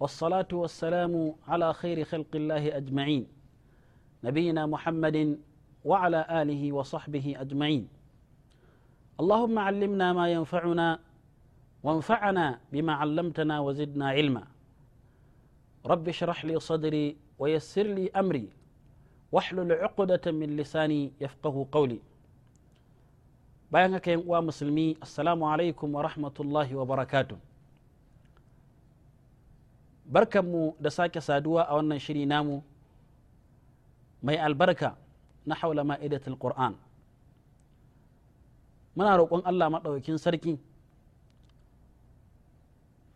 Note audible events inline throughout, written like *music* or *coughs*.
والصلاة والسلام على خير خلق الله أجمعين نبينا محمد وعلى آله وصحبه أجمعين اللهم علمنا ما ينفعنا وانفعنا بما علمتنا وزدنا علما رب اشرح لي صدري ويسر لي أمري واحلل عقدة من لساني يفقه قولي بيانك يا مسلمي السلام عليكم ورحمة الله وبركاته barkanmu da sake saduwa a wannan shiri namu mai albarka na haula ma'idatul qur'an muna roƙon allah maɗaukin sarki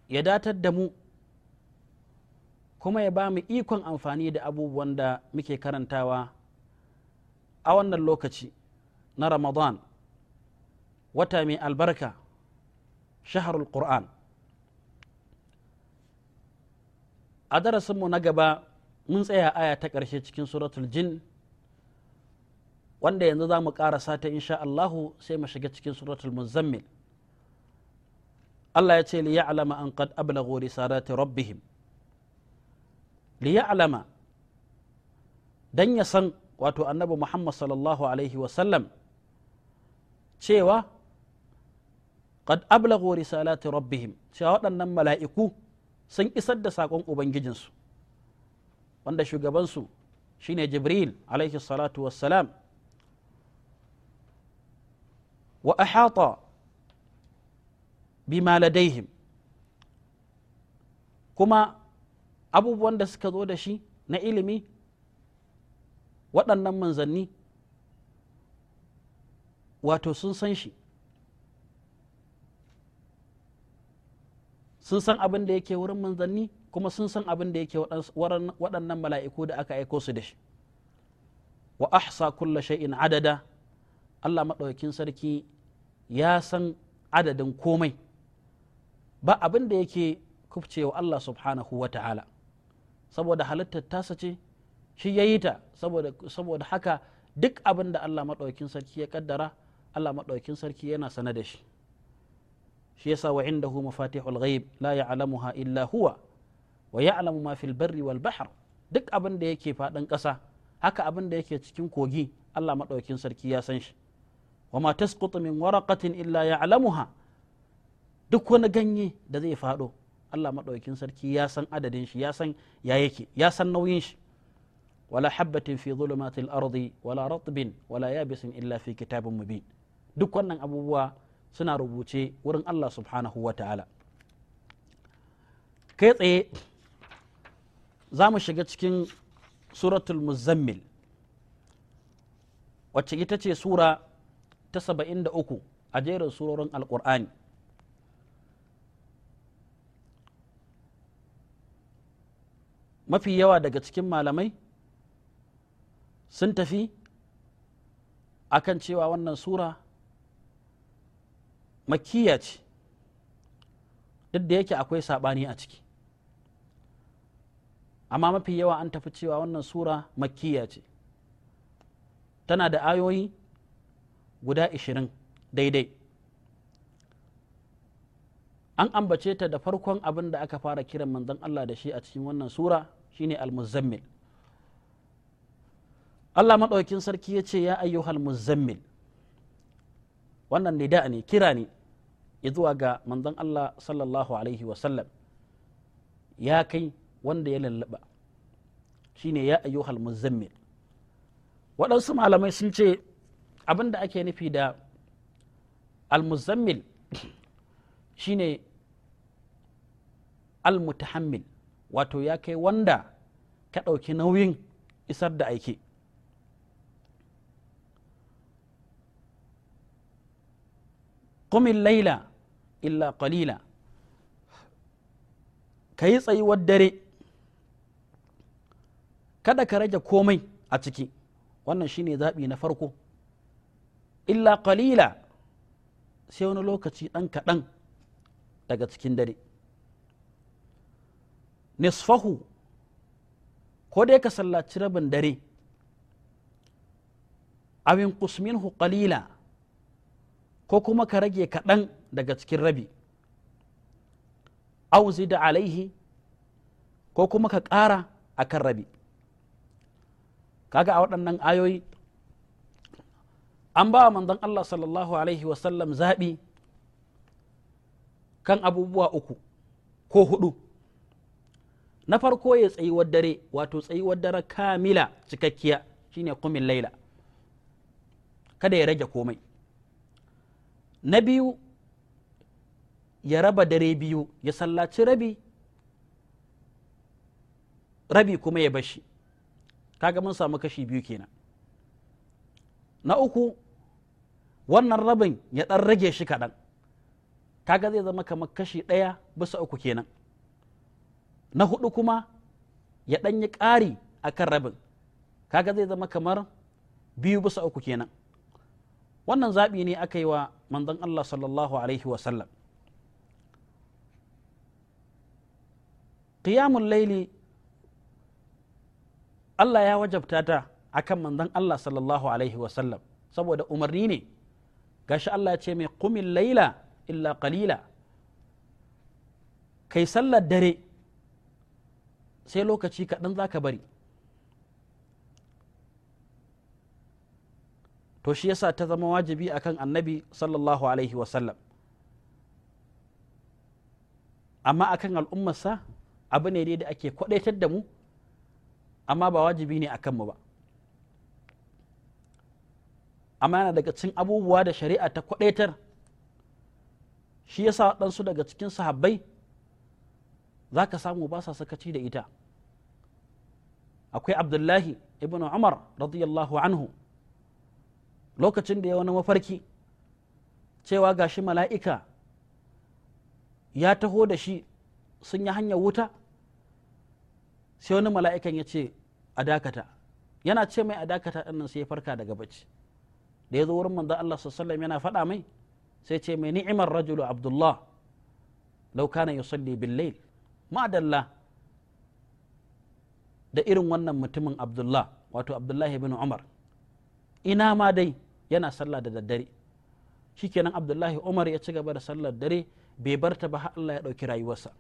ya datar da mu kuma ya ba mu ikon amfani da abubuwan da muke karantawa a wannan lokaci na ramadan wata mai albarka shaharul qur'an a darasinmu na gaba mun tsaya aya ta ƙarshe cikin suratul jin wanda yanzu za mu ƙarasa ta insha Allahu sai mu shiga cikin suratul muzammil Allah ya ce li an qad ablaghu risalati rabbihim li dan ya san wato annabi Muhammad sallallahu alaihi wa sallam cewa qad ablaghu risalati rabbihim cewa waɗannan mala'iku sun isar da saƙon ubangijinsu wanda shugabansu shine jibril alaihi salatu wassalam wa ahata bima ladaihim kuma abubuwan da suka zo da shi na ilimi waɗannan manzanni wato sun san shi sun san abin da yake wurin manzanni kuma sun san abin da yake waɗannan mala'iku da aka aiko su da shi wa ahsa kulla shay'in adada Allah maɗaukin sarki ya san adadin komai ba abin da yake kufcewa Allah subhanahu wa ta'ala saboda halittar tasa ce shi ya yi ta saboda haka duk abin da Allah maɗaukin sarki ya ƙaddara Allah maɗaukin sarki yana sane da shi shi yasa wa indahu mafatihul ghaib la ya'lamuha illa huwa wa ya'lamu ma fil barri wal bahr duk abin da yake faɗan ƙasa haka abin da yake cikin kogi Allah maɗaukin sarki ya san shi wa ma tasqutu min waraqatin illa ya'lamuha duk wani ganye da zai faɗo Allah maɗaukin sarki ya san adadin shi ya san ya yake ya san nauyin shi wala habbatin fi zulumatil ardi wala ratbin wala yabisin illa fi kitabin mubin duk wannan abubuwa suna rubuce wurin Allah subhanahu wa ta'ala kai tsaye za mu shiga cikin suratul muzammil wacce ita ce sura ta saba'in da uku a jerin surorin alkur'ani mafi yawa daga cikin malamai sun tafi akan cewa wannan sura makiya ce duk da yake akwai saɓani a ciki amma mafi yawa an tafi cewa wannan sura makiya ce tana da ayoyi guda ishirin daidai an ambace ta da farkon abin da aka fara kiran manzon Allah da shi a cikin wannan sura shine al-muzammil Allah maɗaukin sarki ya ce ya ayyuhal muzammil wannan nida ne kira ne zuwa ga manzon Allah sallallahu alaihi wasallam ya kai wanda ya lallaba shine ya ayyuhal muzammil waɗansu malamai sun ce abin da ake nufi da al-muzammil *coughs* shine al-mutahammil wato ya kai wanda ka ɗauki nauyin isar da aiki kumin laila illa qalila ka yi tsayuwar dare kada ka rage komai a ciki wannan shine zaɓi na farko illa qalila sai wani lokaci ɗan kaɗan daga cikin dare nisfahu ko dai ka sallaci rabin dare abin kusminhu qalila ko kuma ka rage kaɗan daga cikin rabi auzi da alaihi ko kuma ka ƙara a kan rabi kaga a waɗannan ayoyi an ba wa manzon Allah sallallahu alaihi wasallam zaɓi kan abubuwa uku ko hudu na farko ya tsayuwar dare wato tsayuwar dare kamila cikakkiya shine kumin laila kada ya rage komai na biyu ya raba dare biyu ya sallaci rabi rabi kuma ya bashi kaga mun samu kashi biyu kenan na uku wannan rabin ya ɗan rage shi kaɗan kaga zai zama kamar kashi ɗaya bisa uku kenan na hudu kuma ya ɗan yi ƙari a kan rabin kaga zai zama kamar biyu bisa uku kenan wannan zaɓi ne aka yi wa manzon Allah sallallahu alaihi wasallam qiyamul laili Allah ya wajabta ta akan manzon Allah sallallahu alaihi wasallam saboda umarni ne gashi Allah ce mai qumil laila illa qalila kai sallar dare sai lokaci kaɗan za ka bari to shi yasa ta zama wajibi akan annabi sallallahu alaihi wasallam amma akan al'ummarsa abu ne dai da ake kwadaitar da mu amma ba wajibi ne a kanmu ba amma yana daga cikin abubuwa da shari'a ta kwadaitar shi yasa waɗansu daga cikin sahabbai za ka samu ba sa sakaci da ita akwai abdullahi ibn umar radiyallahu anhu lokacin da ya wani mafarki cewa gashi mala'ika ya taho da shi sun yi hanyar wuta sai wani mala'ikan ya ce a dakata yana ce mai a dakata ɗannan sai ya farka daga bacci da ya zo wurin manzon Allah sallallahu yana faɗa mai sai ce mai ni'imar rajulu abdullah law kana yusalli bil layl ma'adalla da irin wannan mutumin abdullah wato abdullahi bin umar ina ma dai yana sallah da daddare shikenan abdullahi umar ya ci gaba da sallar dare bai barta ba har Allah ya ɗauki rayuwarsa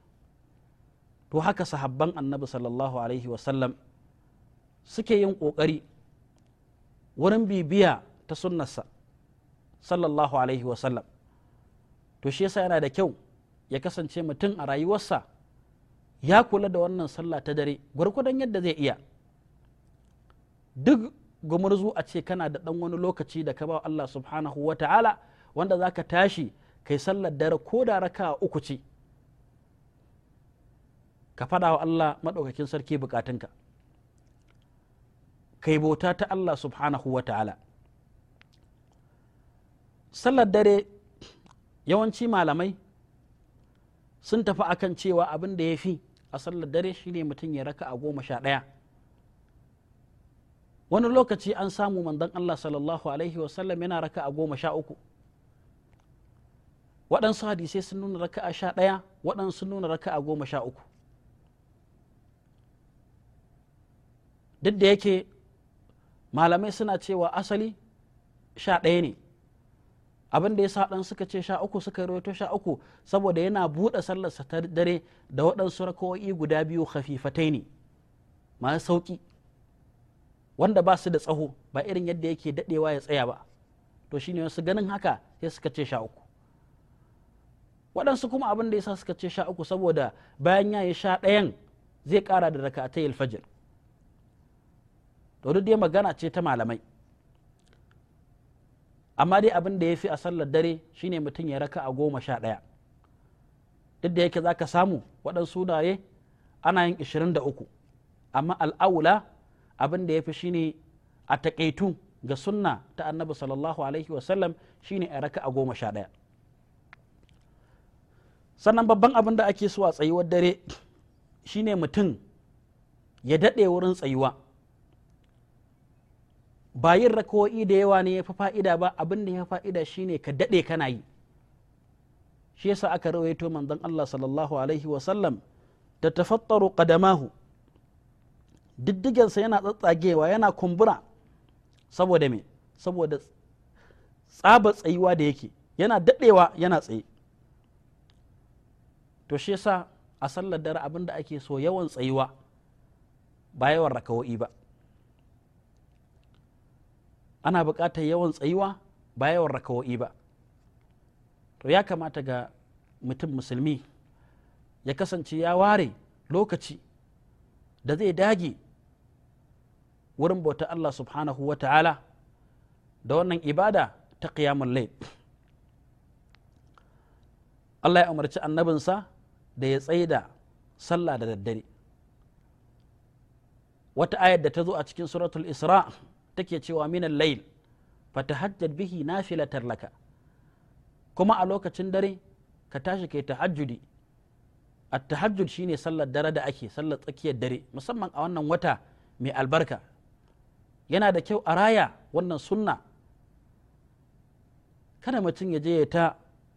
to haka sahabban annabi sallallahu alaihi wasallam suke yin ƙoƙari wurin bibiya ta sunnarsa sallallahu alaihi wasallam to shi yasa yana da kyau ya kasance mutum a rayuwarsa ya kula da wannan sallah ta dare gwargwadon yadda zai iya duk gumurzu a ce kana da ɗan wani lokaci da ka ba Allah subhanahu wa ta'ala wanda za ka tashi kai sallar dare ko da raka uku ce ka faɗa wa Allah maɗaukakin sarki bukatunka kai bauta ta Allah subhanahu wa ta'ala sallar dare yawanci malamai sun tafi akan cewa abin da ya fi a sallar dare shine mutum ya raka a goma sha ɗaya wani lokaci an samu manzon Allah sallallahu alaihi wasallam yana raka a goma sha uku waɗansu hadisai sun nuna raka a sha ɗaya waɗansu nuna raka a goma sha uku duk da yake malamai suna cewa asali sha ɗaya ne abin da ya sa ɗan suka ce sha uku suka rawaito sha uku saboda yana buɗe sallarsa ta dare da waɗansu rakawoyi guda biyu hafifatai ne masu sauƙi wanda ba su da tsaho ba irin yadda yake daɗewa ya tsaya ba to shine wasu ganin haka sai suka ce sha uku waɗansu kuma abin da ya sa suka ce sha uku saboda bayan ya yi sha ɗayan zai ƙara da raka'atai alfajir to duk dai magana ce ta malamai amma dai abin da ya fi a sallar dare shine mutum ya raka a goma sha ɗaya duk da yake za ka samu waɗansu sunaye ana yin ishirin da uku amma al'aula abin da ya fi shine a taƙaitu ga sunna ta annabi sallallahu alaihi wasallam shine a raka a goma sha ɗaya sannan babban abin da ake so a tsayuwar dare shine mutum ya daɗe wurin tsayuwa ba yin rako'i da yawa ne ya fi fa'ida ba abin da ya fi fa'ida ne ka daɗe kana yi shi yasa aka rawaito manzon Allah sallallahu alaihi wa sallam da tafattaru qadamahu diddigensa yana tsatsagewa yana kumbura saboda me saboda tsaba tsayuwa da yake yana daɗewa yana tsaye to shi yasa a sallar dare abin da ake so yawan tsayuwa ba yawan rakawo'i ba ana buƙatar yawan tsayuwa ba yawan rakawo'i ba to ya kamata ga mutum musulmi ya kasance ya ware lokaci da zai dage wurin bauta Allah subhanahu wa ta'ala da wannan ibada ta qiyamul layl Allah ya umarci annabinsa da ya tsaida sallah da daddare wata ayar da ta zo a cikin suratul isra' take cewa minan layl fatahajjad bihi nafilatar laka kuma a lokacin dare ka tashi kai tahajjudi at-tahajjud shine sallar dare da ake sallar tsakiyar dare musamman a wannan wata mai albarka yana da kyau a raya wannan sunna kada mutum ya je ya ta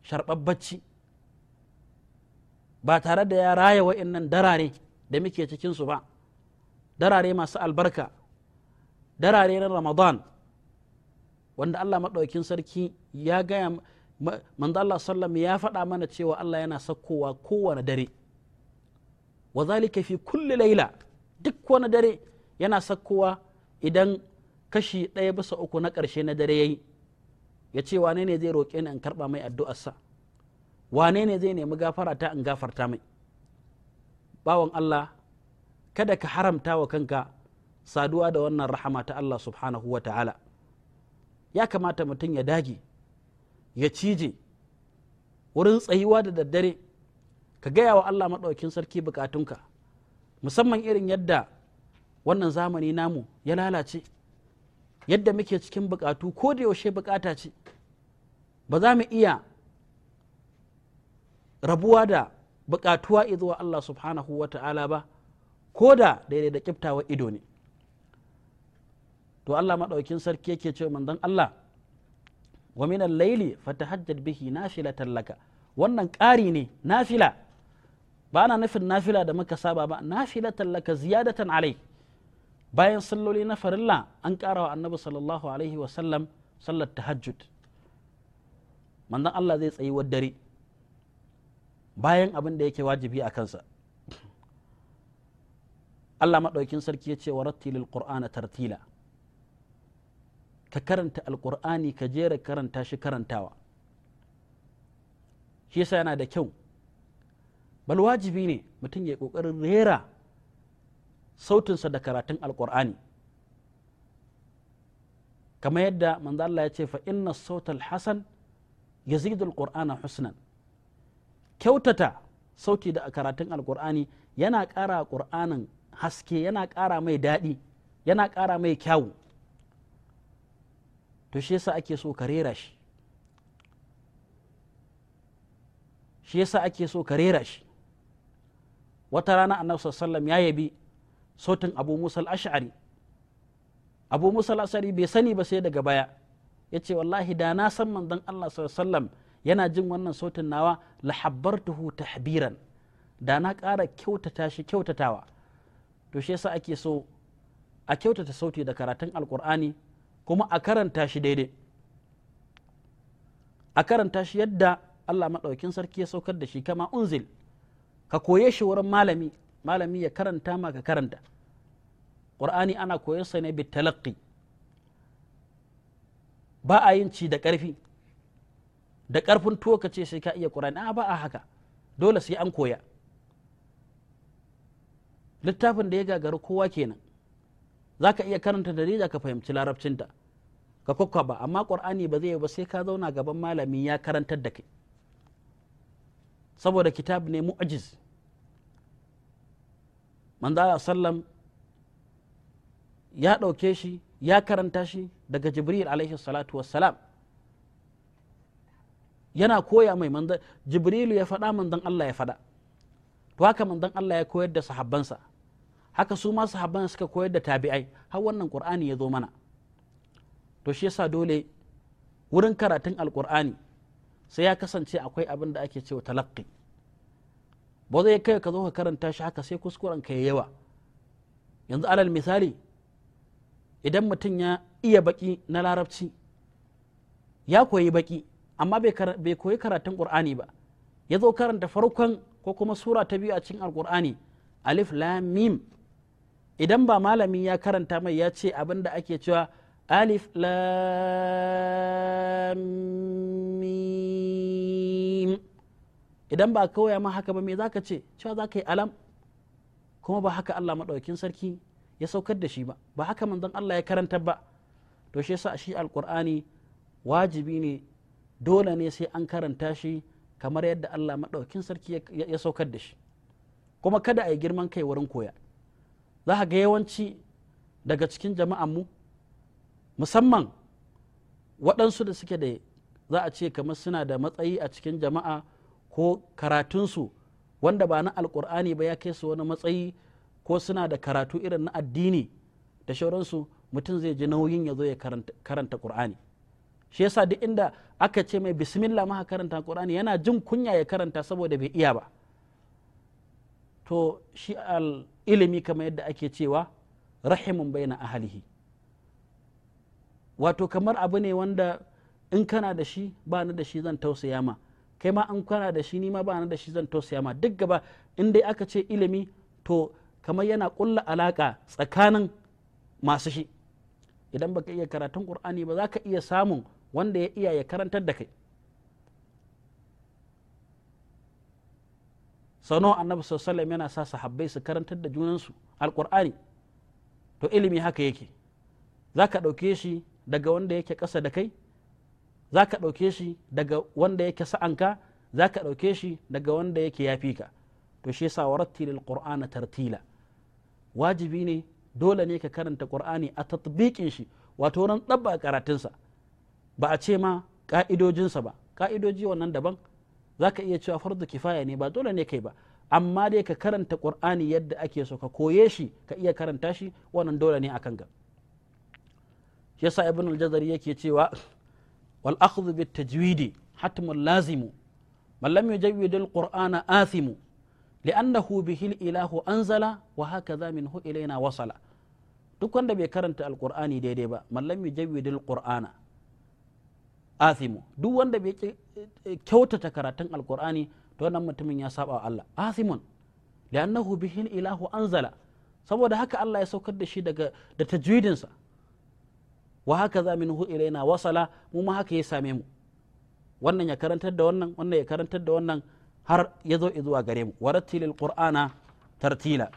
sharɓar bacci ba tare da ya raya wa'annan darare da muke cikinsu ba darare masu albarka darare na ramadan wanda allah maɗaukin sarki ya gaya manzo allah sallam ya faɗa mana cewa allah yana sakkowa kowane dare wa zalika fi kulli laila duk wani dare yana sakkowa idan kashi ɗaya bisa uku na ƙarshe na dare yayi ya ce wane ne zai roƙe ni in karɓa mai addu'arsa wane ne zai nemi gafara ta in gafarta mai bawan allah kada ka haramta wa kanka saduwa da wannan rahama ta Allah subhanahu wa ta'ala ya kamata mutum ya dage ya cije wurin tsayuwa da daddare ka gaya wa Allah maɗaukin sarki bukatunka musamman irin yadda wannan zamani namu ya lalace yadda muke cikin bukatu ko da yaushe bukata ce ba za mu iya rabuwa da bukatuwa izuwa Allah subhanahu wa ta'ala ba ko da daidai da kiftawa ido ne to Allah maɗaukin sarki yake cewa manzon Allah wa minal laili fatahajjad bihi nafilatan laka wannan ƙari ne nafila ba na nufin nafila da muka saba ba nafilatan laka ziyadatan alai bayan salloli na farilla an ƙara wa annabi sallallahu alaihi wa sallam sallar tahajjud manzon Allah zai tsayi dare bayan abin da yake wajibi a kansa Allah maɗaukin sarki ya ce wa rattilil qur'ana tartila ka karanta alkur'ani ka jera karanta shi karantawa shi yasa yana da kyau bal wajibi ne mutum ya ƙoƙarin rera sautinsa da karatun alkur'ani kamar yadda manzo Allah ya ce fa inna sautal hasan yazidul qur'ana husnan kyautata sauti da karatun alkur'ani yana ƙara ƙur'anin haske yana ƙara mai daɗi yana ƙara mai kyawu to shi yasa ake so ka rera shi shi yasa ake so ka rera shi wata rana annabi sallallahu ya yabi sautin abu musa al-ash'ari abu musa al-ash'ari bai sani ba sai daga baya yace wallahi da na san manzon Allah sallallahu yana jin wannan sautin nawa la habbartuhu tahbiran da na ƙara kyautata shi kyautatawa to shi yasa ake so a kyautata sauti da karatun alkur'ani kuma a karanta shi daidai a karanta shi yadda Allah maɗaukin sarki ya saukar da shi kama unzil ka koye shi wurin malami malami ya karanta ma ka karanta ƙur'ani ana koyarsa ne talaqqi ba a yin ci da ƙarfi da ƙarfin tuwo ka ce sai ka iya ƙur'ani a ba a haka dole sai an koya littafin da ya gagari kowa kenan za ka iya karanta jarida ka fahimci larabcinta ka kwakwa ba amma ƙwar'ani ba zai ba sai ka zauna gaban malami ya karantar da kai saboda kitab ne mu'ajiz manzo sallam ya ɗauke shi ya karanta shi daga jibril alaihi salatu wassalam yana koya mai manzan jibrilu ya faɗa manzan Allah ya faɗa to haka manzan Allah ya koyar da sahabbansa haka su masu haban suka koyar da tabi'ai har wannan qur'ani ya zo mana to shi yasa dole wurin karatun alqur'ani sai ya kasance akwai abin da ake cewa talaqqi ba zai kai ka zo ka karanta shi haka sai kuskuren ka yawa yanzu alal misali idan mutum ya iya baki na larabci ya koyi baki amma bai koyi karatun qur'ani ba ya zo karanta farkon ko kuma sura ta biyu a cikin alqur'ani alif lam idan ba malami ya karanta mai ya ce abin da ake cewa alif lamim idan ba kawai ma haka ba me za ka ce cewa za ka yi alam kuma ba haka Allah maɗaukin sarki ya saukar da shi ba ba haka manzon Allah ya karanta ba to shi yasa shi alkur'ani wajibi ne dole ne sai an karanta shi kamar yadda Allah maɗaukin sarki ya saukar da shi kuma kada a yi girman kai wurin koya za ga yawanci daga cikin jama'an mu musamman waɗansu da suke da za a ce kamar suna da matsayi a cikin jama'a ko karatunsu wanda ba na alkur'ani ba ya kai su wani matsayi ko suna da karatu irin na addini da shauransu mutum zai ji nauyin ya zo ya karanta ƙur'ani. shi yasa duk inda aka ce mai bismillah maha karanta ƙur'ani yana jin kunya ya karanta saboda bai iya ba to shi al ilimi kamar yadda ake cewa rahimun baina ahalihi wato kamar abu ne wanda in kana da shi ba ni da shi zan tausaya ma kai ma an kana da shi ni ma ba ni da shi zan tausaya ma duk gaba in dai aka ce ilimi to kamar yana kulla alaka tsakanin masu shi idan baka iya karatun qur'ani ba za ka iya samun wanda ya iya ya karantar da kai sano annabi sallallahu yana sa sahabbai su karantar da junansu alqur'ani to ilimi haka yake zaka ɗauke shi daga wanda yake kasa da kai zaka ɗauke shi daga wanda yake sa'anka zaka ɗauke shi daga wanda yake yafi ka to shi yasa warattilil qur'ana tartila wajibi ne dole ne ka karanta qur'ani a tatbiqin shi wato ran dabba karatunsa ba a ce ma ka'idojinsa ba ka'idoji wannan daban za ka iya cewa farzu kifaya ne ba dole ne kai ba amma dai ka karanta qur'ani yadda ake so ka koye shi ka iya karanta shi wannan dole ne akan ga shi yasa ibn al-jazari yake cewa wal akhdhu bit tajwidi hatmun lazimu man lam yujawwid al-qur'ana athimu li'annahu bihi al-ilahu anzala wa hakadha minhu ilaina wasala duk wanda bai karanta Alkur'ani daidai ba man lam yujawwid Asimu duk wanda bai eh, kyautata karatun alkur'ani to wannan mutumin ya saba wa Allah asimun. li'annahu bihin ilahu anzala saboda haka Allah ya saukar da shi daga da tajwidinsa wa haka za minhu ilaina wasala mu ma haka ya same mu wannan ya karantar da wannan wannan ya karantar da wannan har ya zo zuwa gare mu warattilil qur'ana tartila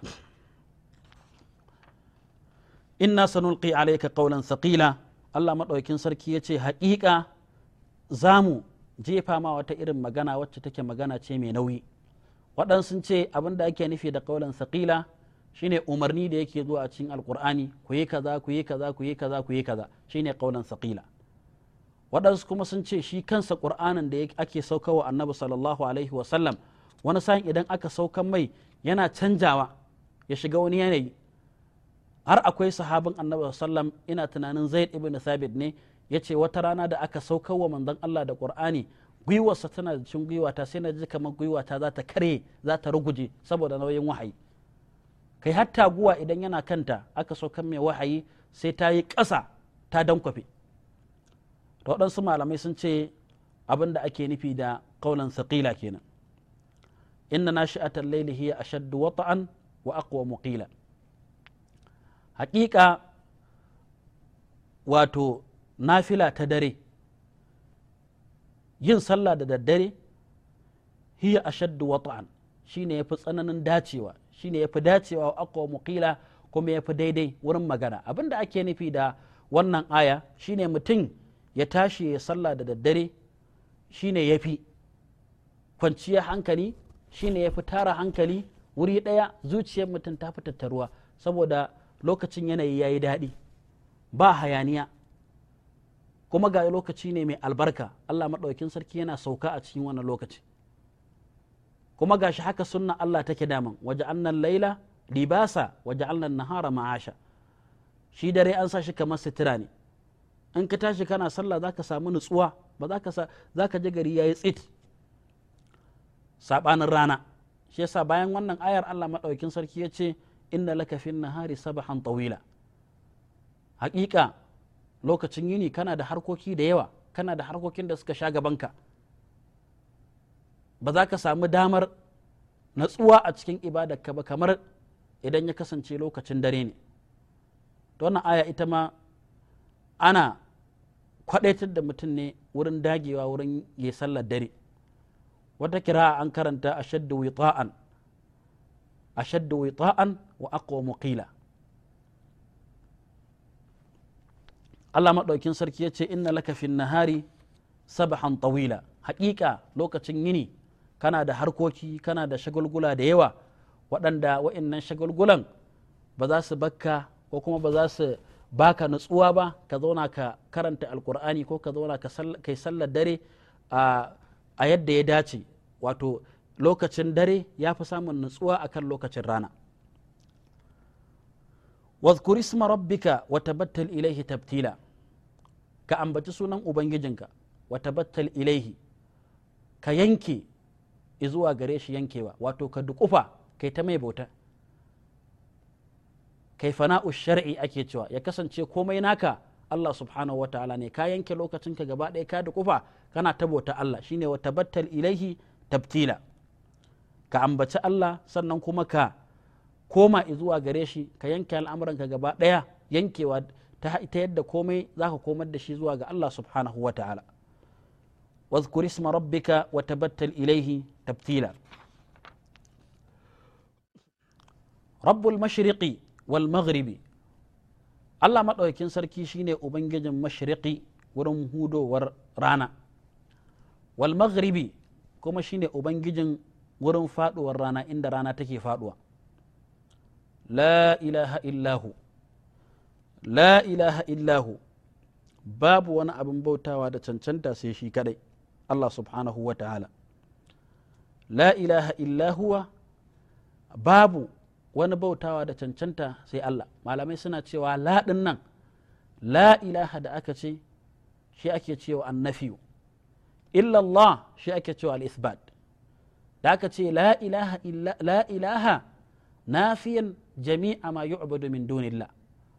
inna sanulqi alayka qawlan thaqila Allah madaukin sarki yace haƙiƙa za mu jefa ma wata irin magana wacce take magana ce mai nauyi waɗansu ce abin da ake nufi da ƙaunar saƙila shine umarni da yake zuwa cikin alkur'ani ku yi kaza ku yi kaza ku yi kaza ku yi kaza shine ƙaunar saƙila waɗansu kuma sun ce shi kansa ƙur'anin da ake saukawa annabi sallallahu alaihi wa sallam. wani sa'in idan aka saukan mai yana canjawa ya shiga wani yanayi har akwai sahabin annabi sallam ina tunanin zaid ibn sabit ne ya ce wata rana da aka saukar wa manzon Allah da Qur'ani gwiwarsa tana da cin gwiwata sai na ji kamar gwiwata za ta kare za ta ruguje saboda nauyin wahayi kai har taguwa idan yana kanta aka saukar mai wahayi sai ta yi ƙasa ta dankwafe da waɗansu malamai sun ce abin da ake nufi da kaulan saƙila kenan inna na shi a tallaili hiya a shaddu wata'an wa aqwa muqila haƙiƙa wato nafila ta dare yin sallah da daddare hiya ashaddu wata'an shine yafi tsananin dacewa shine yafi dacewa wa aqwa muqila kuma yafi daidai wurin magana abinda ake nufi da wannan aya shine mutum ya tashi ya sallah da daddare shine yafi kwanciya hankali shine yafi tara hankali wuri daya zuciyar mutum ta fi tattaruwa saboda lokacin yanayi yayi daɗi ba hayaniya kuma ga lokaci ne mai albarka Allah maɗaukin sarki yana sauka a cikin wannan lokaci kuma gashi haka sunna Allah take daman waje annan laila libasa waje annan nahara ma'asha shi dare an sa shi kamar sitira ne in ka tashi kana sallah zaka samu nutsuwa ba za ka za ji gari yayi tsit sabanin rana shi yasa bayan wannan ayar Allah maɗaukin sarki ya ce inna laka fin nahari sabahan tawila haƙiƙa lokacin yini kana da harkoki da yawa kana da harkokin da suka sha gabanka ba za ka samu damar natsuwa a cikin ka ba kamar idan ya kasance lokacin dare ne wannan aya ita ma ana kwadaitar da mutum ne wurin dagewa wurin yi sallar dare wata kira an karanta ashaddu wita'an ashaddu wita'an wa aqwa muqila Allah maɗaukin sarki ya ce inna laka fin nahari sabahan tawila haƙiƙa lokacin yini kana da harkoki kana da shagulgula da yawa waɗanda wa'innan shagulgulan ba za su bakka ko kuma ba za su baka nutsuwa ba ka zauna ka karanta alkur'ani ko ka zauna ka sallar dare a yadda ya dace wato lokacin dare ya fi samun nutsuwa akan lokacin rana واذكر اسم ربك وتبتل إليه تبتيلا ka ambaci sunan ubangijinka wa tabattal ilaihi ka yanke zuwa gare shi yankewa wato ka dukufa kai ta mai bauta kai fana'u shar'i ake cewa ya kasance komai naka Allah subhanahu wataala ne ka yanke lokacin ka gaba ɗaya ka dukufa kana ta bauta Allah shine wa tabattal ilaihi tabtila ka ambaci Allah sannan kuma ka koma izuwa gare shi ka yanke al'amuranka gaba ɗaya yankewa ta yadda komai za ka komar da shi zuwa ga Allah subhanahu wa ta'ala واذكر اسم ربك وتبتل إليه تبتيلا رب المشرق والمغرب Allah maɗaukin sarki shine Ubangijin mashriqi wurin hudowar rana, wal maghribi kuma shine Ubangijin wurin faɗuwar rana inda rana take faɗuwa. La ilaha illahu la ilaha illahu babu wani abin bautawa da cancanta sai shi kadai Allah subhanahu wa ta'ala la ilaha illahuwa babu wani bautawa da cancanta sai Allah malamai suna cewa laɗin nan la ilaha da aka ce shi ake cewa annafiyu illallah shi ake cewa al-isbat da aka ce la ilaha nafiyan jami'a ma yu'badu min dunillah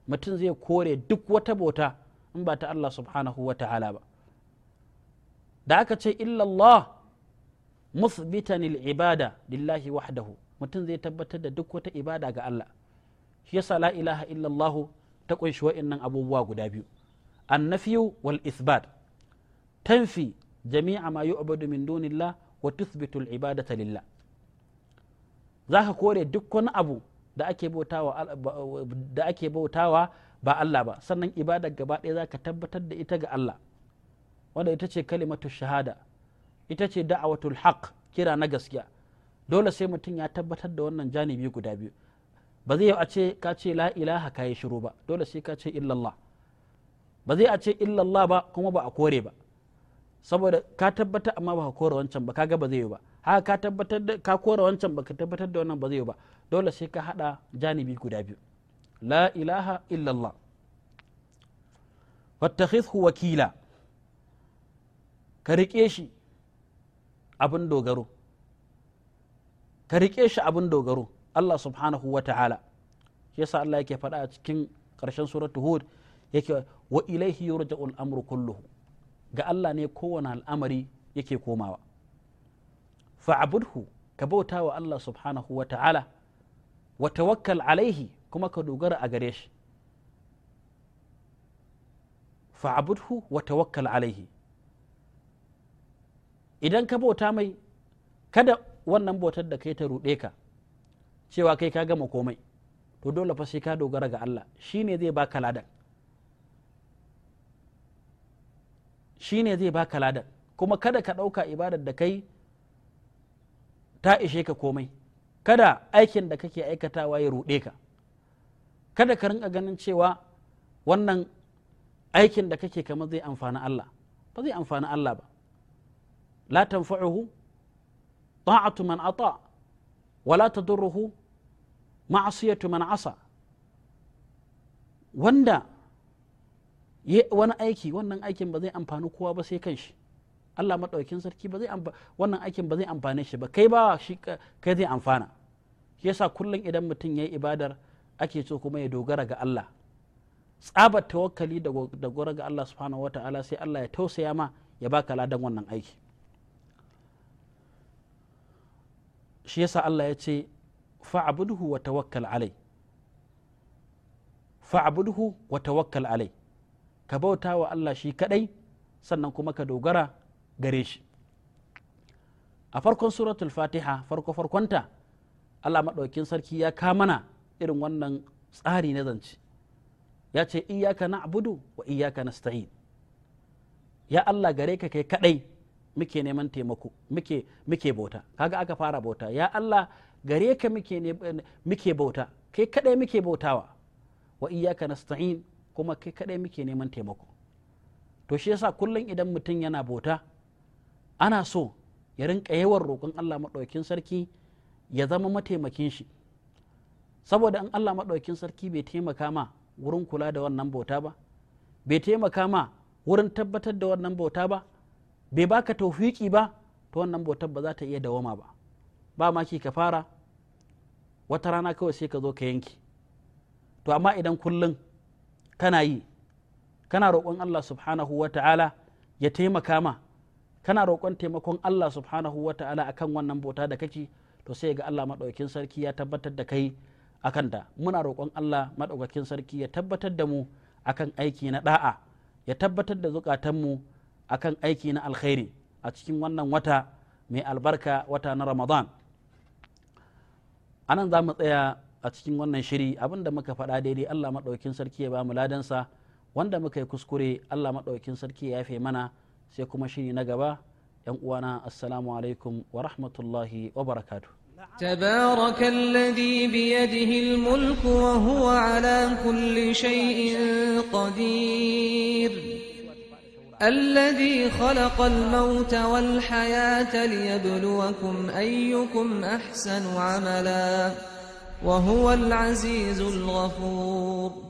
mutum zai kore duk wata bota in ba ta Allah subhanahu wa ta'ala ba da aka ce illallah musbitan ibada lillahi wahdahu mutum zai tabbatar da duk wata ibada ga Allah shi yasa la ilaha illallah ta kunshi wa'annan abubuwa guda biyu annafiyu wal isbat tanfi jami'a ma yu'badu min dunillah wa tuthbitu al ibadata lillah zaka kore duk wani abu da ake bautawa da ake bautawa ba Allah ba sannan ibadar gaba ɗaya ka tabbatar da ita ga Allah wanda ita ce kalimatu shahada ita ce da'awatul haq kira na gaskiya dole sai mutum ya tabbatar da wannan janibi guda biyu ba zai a ce ka ce la ilaha ka yi shiru ba dole sai ka ce illallah ba zai a ce illallah ba kuma ba a kore ba saboda ka tabbata amma ba ka kore wancan ba ka ga ba zai yi ba haka ka tabbatar da ka kora wancan baka tabbatar da wannan ba zai ba dole sai ka hada janibi guda biyu la ilaha illallah wattakhidhu wakila ka rike shi abin dogaro ka rike shi abin dogaro Allah subhanahu wa ta'ala yasa Allah yake faɗa a cikin ƙarshen suratul hud yake wa ilaihi yurja'ul amru kulluhu ga Allah ne kowane al'amari yake komawa fa'budhu ka bauta wa Allah subhanahu wa ta'ala wa tawakkal alaihi kuma ka dogara a gare shi fa'budhu wa tawakkal alaihi idan ka bauta mai kada wannan bautar da kai ta ruɗe ka cewa kai ka gama komai to dole fa sai ka dogara ga Allah shine zai baka ladan shine zai baka ladan kuma kada ka ɗauka ibadar da kai ta ishe ka komai kada aikin da kake aikatawa ya ruɗe ka kada ka rinka ganin cewa wannan aikin da kake kamar zai amfani Allah ba zai amfani Allah ba la tanfa'uhu ta'atu man ata wa la tadurruhu ma'siyatu man asa wanda wani aiki wannan aikin ba zai amfani kowa ba sai kanshi Allah maɗaukin sarki ba zai wannan aikin ba zai amfane shi ba kai ba shi kai zai amfana shi yasa kullum idan mutum ya yi ibadar ake so kuma ya dogara ga Allah tsabar tawakkali da dogara ga Allah subhanahu wata'ala sai Allah ya tausaya ma ya baka ladan wannan aiki shi yasa Allah ya ce fa'budhu wa tawakkal alai fa'budhu wa tawakkal alai ka bauta wa Allah shi kadai sannan kuma ka dogara gare shi a farkon suratul fatiha farko farkonta allah maɗaukin sarki ya kamana irin wannan tsari na zance ya ce iyaka na abudu wa iyaka na ya allah gare ka kai kaɗai muke neman taimako muke bauta kaga aka fara bauta ya allah gare ka muke bauta kai kaɗai muke bautawa wa iyaka nasta'in kuma kai kaɗai muke neman taimako to shi yasa kullum idan mutum yana bauta ana so ya rinka yawan roƙon Allah maɗaukin sarki ya zama mataimakin shi saboda in Allah maɗaukin sarki bai taimaka ma wurin kula da wannan bauta ba bai taimaka ma wurin tabbatar da wannan bauta ba bai baka taufiƙi ba to wannan bautar ba za ta iya dawama ba ba ma ki ka fara wata rana kawai sai ka zo ka yanke to amma idan kullum kana yi kana roƙon Allah subhanahu wa ta'ala ya taimaka ma kana roƙon taimakon Allah subhanahu wa ta'ala akan wannan bota da kake to sai ga Allah maɗaukin sarki ya tabbatar da kai akan da muna roƙon Allah maɗaukakin sarki ya tabbatar da mu akan aiki na ɗa'a ya tabbatar da zukatan zukatanmu akan aiki na alkhairi a cikin wannan wata mai albarka wata na ramadan anan za mu tsaya a cikin wannan shiri abin da muka faɗa daidai allah maɗaukin sarki ya ba mu ladansa wanda muka yi kuskure allah maɗaukin sarki ya yafe mana sai kuma shine na gaba yan uwana assalamu alaikum wa rahmatullahi wa barakatuh تبارك الذي بيده الملك وهو على كل شيء قدير الذي خلق الموت والحياة ليبلوكم أيكم أحسن عملا وهو العزيز الغفور